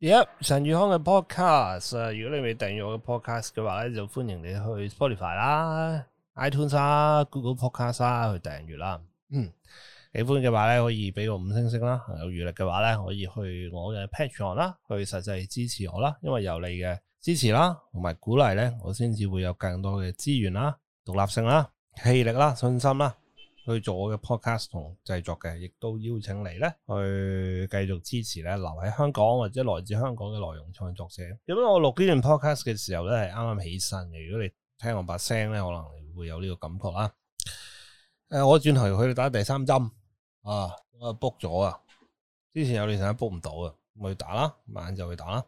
yep 陳宇康嘅 podcast，如果你未訂閱我嘅 podcast 嘅話咧，就歡迎你去 Spotify 啦、iTunes 啦、Google Podcast 去訂閱啦。嗯，喜歡嘅話咧，可以畀個五星星啦。有餘力嘅話咧，可以去我嘅 Patreon 啦，去實際支持我啦。因為有你嘅支持啦，同埋鼓勵咧，我先至會有更多嘅資源啦、獨立性啦、氣力啦、信心啦。去做我嘅 podcast 同製作嘅，亦都邀請你咧去繼續支持咧，留喺香港或者來自香港嘅內容創作者。咁我錄呢段 podcast 嘅時候咧，係啱啱起身嘅。如果你聽我把聲咧，可能會有呢個感覺啦。誒、呃，我轉頭去打第三針啊，我 book 咗啊，之前有段時間 book 唔到啊，去打啦，晚就去打啦。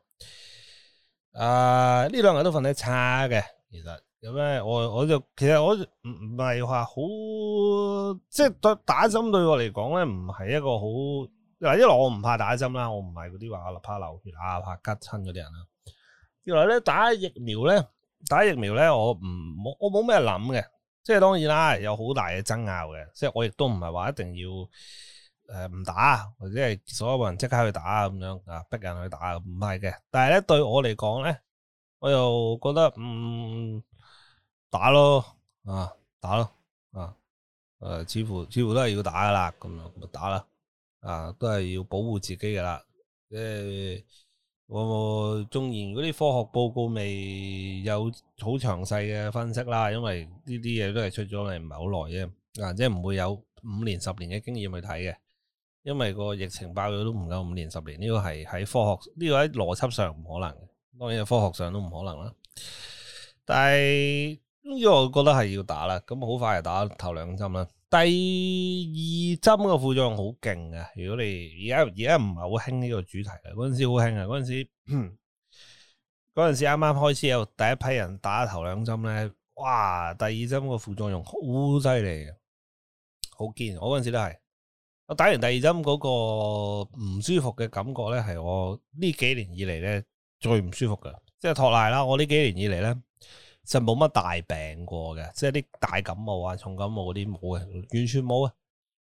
啊，呢兩日都瞓得差嘅。其實咁咧，我我就其實我唔唔係話好，即係打針對我嚟講咧，唔係一個好。嗱，因為我唔怕打針啦，我唔係嗰啲話怕流血啊、怕吉親嗰啲人啦。原來咧打疫苗咧，打疫苗咧，我唔冇我冇咩諗嘅。即係當然啦，有好大嘅爭拗嘅。即係我亦都唔係話一定要誒唔打，或者係所有人即刻去打咁樣啊，逼人去打，唔係嘅。但係咧對我嚟講咧。我又覺得，嗯，打咯啊，打咯啊誒、呃，似乎似乎都係要打噶啦咁樣，就打啦啊，都係要保護自己噶啦。誒、呃，我縱然嗰啲科學報告未有好詳細嘅分析啦，因為呢啲嘢都係出咗嚟，唔係好耐啫，即係唔會有五年十年嘅經驗去睇嘅，因為個疫情爆咗都唔夠五年十年，呢個係喺科學，呢個喺邏輯上唔可能的。當然科學上都唔可能啦，但係總之我覺得係要打啦，咁好快就打頭兩針啦。第二針個副作用好勁啊！如果你而家而家唔係好興呢個主題啦，嗰陣時好興啊！嗰陣時嗰陣時啱啱開始有第一批人打頭兩針咧，哇！第二針個副作用好犀利嘅，好堅！我嗰陣時都係我打完第二針嗰個唔舒服嘅感覺咧，係我呢幾年以嚟呢，最唔舒服嘅，即係托賴啦！我呢幾年以嚟咧，就冇乜大病過嘅，即係啲大感冒啊、重感冒嗰啲冇嘅，完全冇啊！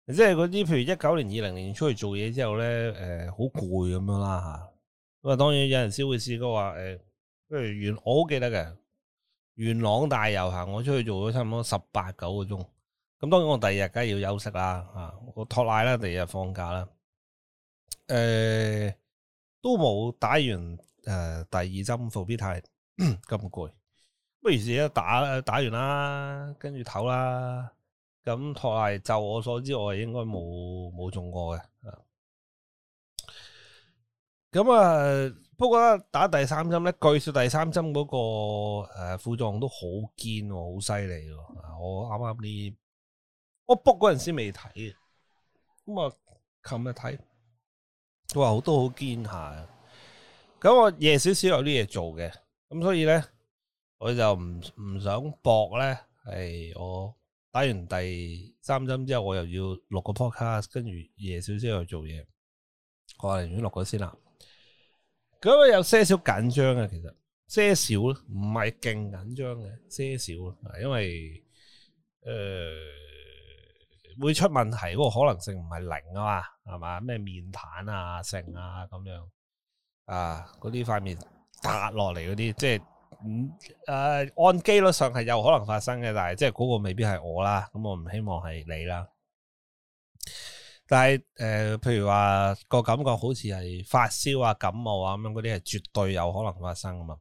即係嗰啲，譬如一九年、二零年出去做嘢之後咧，誒、呃，好攰咁樣啦吓。咁啊，當然有人先會試過話，誒，譬如元，我好記得嘅元朗大遊行，我出去做咗差唔多十八九個鐘，咁當然我第二日梗係要休息啦，吓我托賴啦，第二日放假啦，誒、呃，都冇打完。誒、呃，第二針復必泰，咁攰，不如自己打打完啦，跟住唞啦。咁托艾就我所知，我應該冇冇中過嘅。咁啊，不過打第三針咧，據說第三針嗰，那個誒、啊、副作用都好堅，好犀利。我啱啱呢，我 book 嗰陣時未睇嘅，咁啊，琴日睇，佢話好多好堅下。咁我夜少少有啲嘢做嘅，咁所以咧，我就唔唔想搏咧。係、哎、我打完第三針之後，我又要錄個 podcast，跟住夜少少去做嘢。我寧願錄咗先啦。咁我有些少緊張嘅，其實些少，唔係勁緊張嘅，些少，些少，因為誒、呃、會出問題嗰個可能性唔係零啊嘛，係嘛？咩面癱啊、剩啊咁樣。啊！嗰啲塊面打落嚟嗰啲，即係嗯誒、啊，按機率上係有可能發生嘅，但係即係嗰個未必係我啦，咁我唔希望係你啦。但係誒、呃，譬如話、那個感覺好似係發燒啊、感冒啊咁樣，嗰啲係絕對有可能發生噶嘛。誒、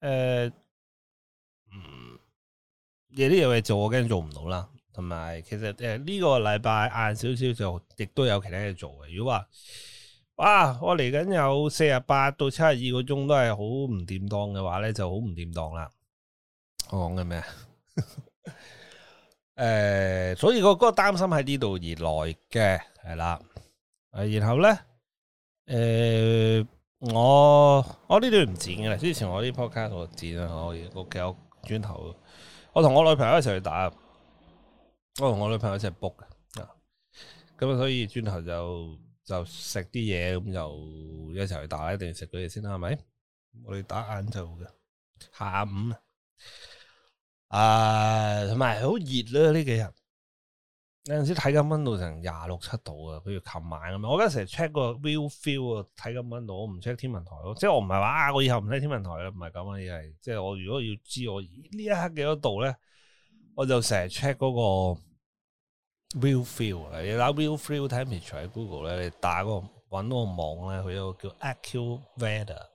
呃，嗯，嘢呢樣嘢做我驚做唔到啦，同埋其實誒呢、呃這個禮拜晏少少就亦都有其他嘢做嘅，如果話。哇！我嚟緊有四十八到七十二個鐘都係好唔掂當嘅話咧，就好唔掂當啦。我講緊咩？誒，所以我嗰個擔心喺呢度而來嘅，係啦。誒、啊，然後咧，誒、呃，我我呢段唔剪嘅啦。之前我啲 Podcast 我剪啦，我屋企有磚頭。我同我女朋友一齊去打，我同我女朋友一齊 book 啊。咁啊，所以磚頭就。就食啲嘢咁，就一齊去打，一定食佢哋先啦，係咪？我哋打晏晝嘅，下午啊，同埋好熱啦呢幾日。有陣時睇緊溫度成廿六七度啊，比如琴晚啊，我而家成日 check 個 real feel feel 啊，睇緊溫度，我唔 check 天文台咯。即係我唔係話啊，我以後唔睇天文台啦，唔係咁啊，而係即係我如果要知我呢一刻幾多度咧，我就成日 check 嗰個。Real feel 啊，你攞 Real feel temperature 喺 Google 咧，你打個揾到個網咧，佢有個叫 AccuWeather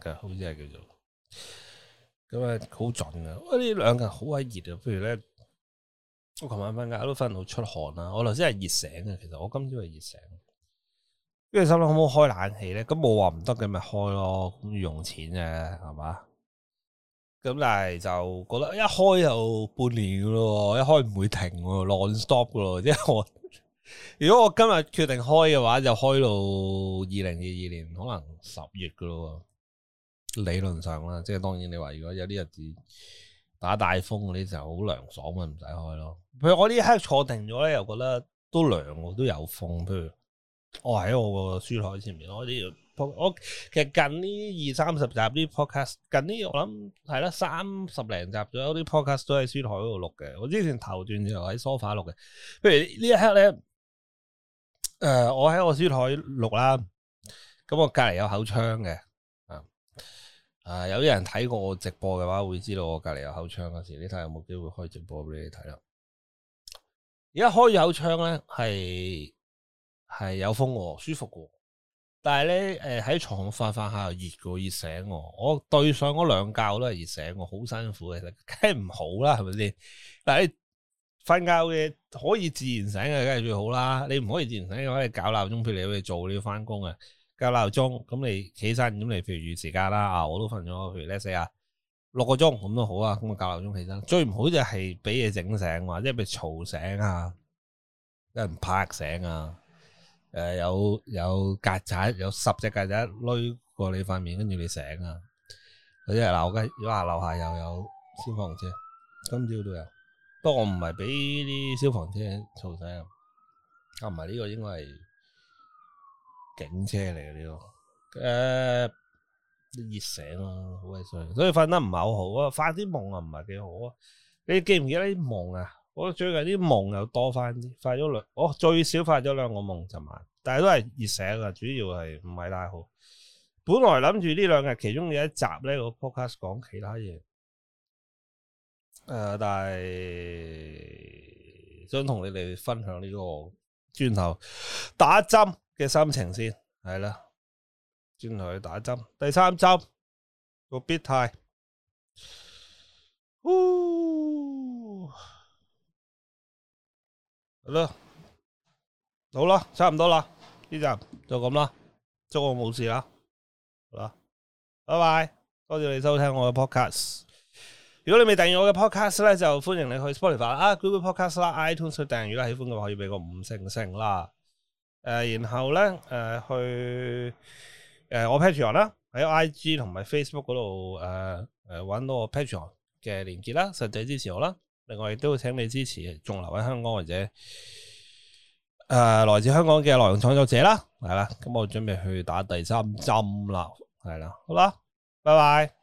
嘅，好似係叫做咁啊，好準嘅。我呢兩個好鬼熱啊，譬如咧，我琴晚瞓覺都瞓到出汗啦。我頭先係熱醒嘅，其實我今朝係熱醒，跟住心諗可唔可以開冷氣咧？咁我話唔得嘅咪開咯，咁要用錢呀，係嘛？咁但係就覺得一開就半年噶咯，一開唔會停咯，long stop 噶咯。即係、就是、我如果我今日決定開嘅話，就開到二零二二年可能十月噶咯。理論上啦，即係當然你話如果有啲日子打大風嗰啲就好涼爽咪唔使開咯。譬如我呢一刻坐定咗咧，又覺得都涼，都有風。譬如我喺我個書檯前面，我啲。我其實近呢二三十集啲 podcast，近呢我諗係啦三十零集，咁有啲 podcast 都喺書台嗰度錄嘅。我之前頭段就喺梳化錄嘅。不如呢一刻咧，誒、呃，我喺我書台錄啦。咁我隔籬有口窗嘅，啊啊有啲人睇過我直播嘅話，會知道我隔籬有口窗嗰時。你睇下有冇機會開直播俾你睇啦？而家開咗口窗咧，係係有風喎，舒服嘅。但係咧，誒、呃、喺床發發下熱過熱醒我，哦，我對上嗰兩覺都係熱醒我，好辛苦其實，梗係唔好啦，係咪先？嗱，你瞓覺嘅可以自然醒嘅梗係最好啦，你唔可以自然醒嘅，你可以搞鬧鐘，譬如你去做，你要翻工啊，搞鬧鐘，咁你起身，咁你譬如預時間啦，啊，我都瞓咗譬如咧四啊六個鐘，咁都好啊，咁啊搞鬧鐘起身，最唔好就係俾嘢整醒或者係俾嘈醒啊，有人拍醒啊。誒、呃，有有曱甴，有十隻曱甴攞過你塊面，跟住你醒啊！或者係樓下樓下又有消防車，今朝都有。不過我唔係畀啲消防車嘈醒，啊唔係呢個應該係警車嚟嘅。呢個，誒、呃，熱醒啊，好鬼衰，所以瞓得唔係好好啊，發啲夢啊唔係幾好啊。你記唔記得啲夢啊？我最近啲夢又多翻啲，發咗兩，我、哦、最少發咗兩個夢尋晚，但係都係熱醒啊，主要係唔係太好。本來諗住呢兩日其中有一集咧，我 podcast 講其他嘢，誒、呃，但係想同你哋分享呢、這個轉頭打針嘅心情先，係啦，轉頭去打針，第三針，個心態。係咯，好啦，差唔多啦，呢集就咁啦，祝我冇事啦，好啦，拜拜，多謝你收聽我嘅 podcast。如果你未訂閱我嘅 podcast 咧，就歡迎你去 Spotify 啊、Google Podcast 啦、啊、iTunes 訂閱啦。喜歡嘅話可以俾個五星星啦。誒、呃，然後咧，誒、呃、去誒、呃、我 Patreon 啦，喺 IG 同埋 Facebook 嗰度誒誒、呃、搵到我 Patreon 嘅鏈接啦，實際支持我啦。另外亦都會請你支持，仲留喺香港或者、呃、來自香港嘅內容創作者啦，係啦，咁我準備去打第三針啦，係啦，好啦，拜拜。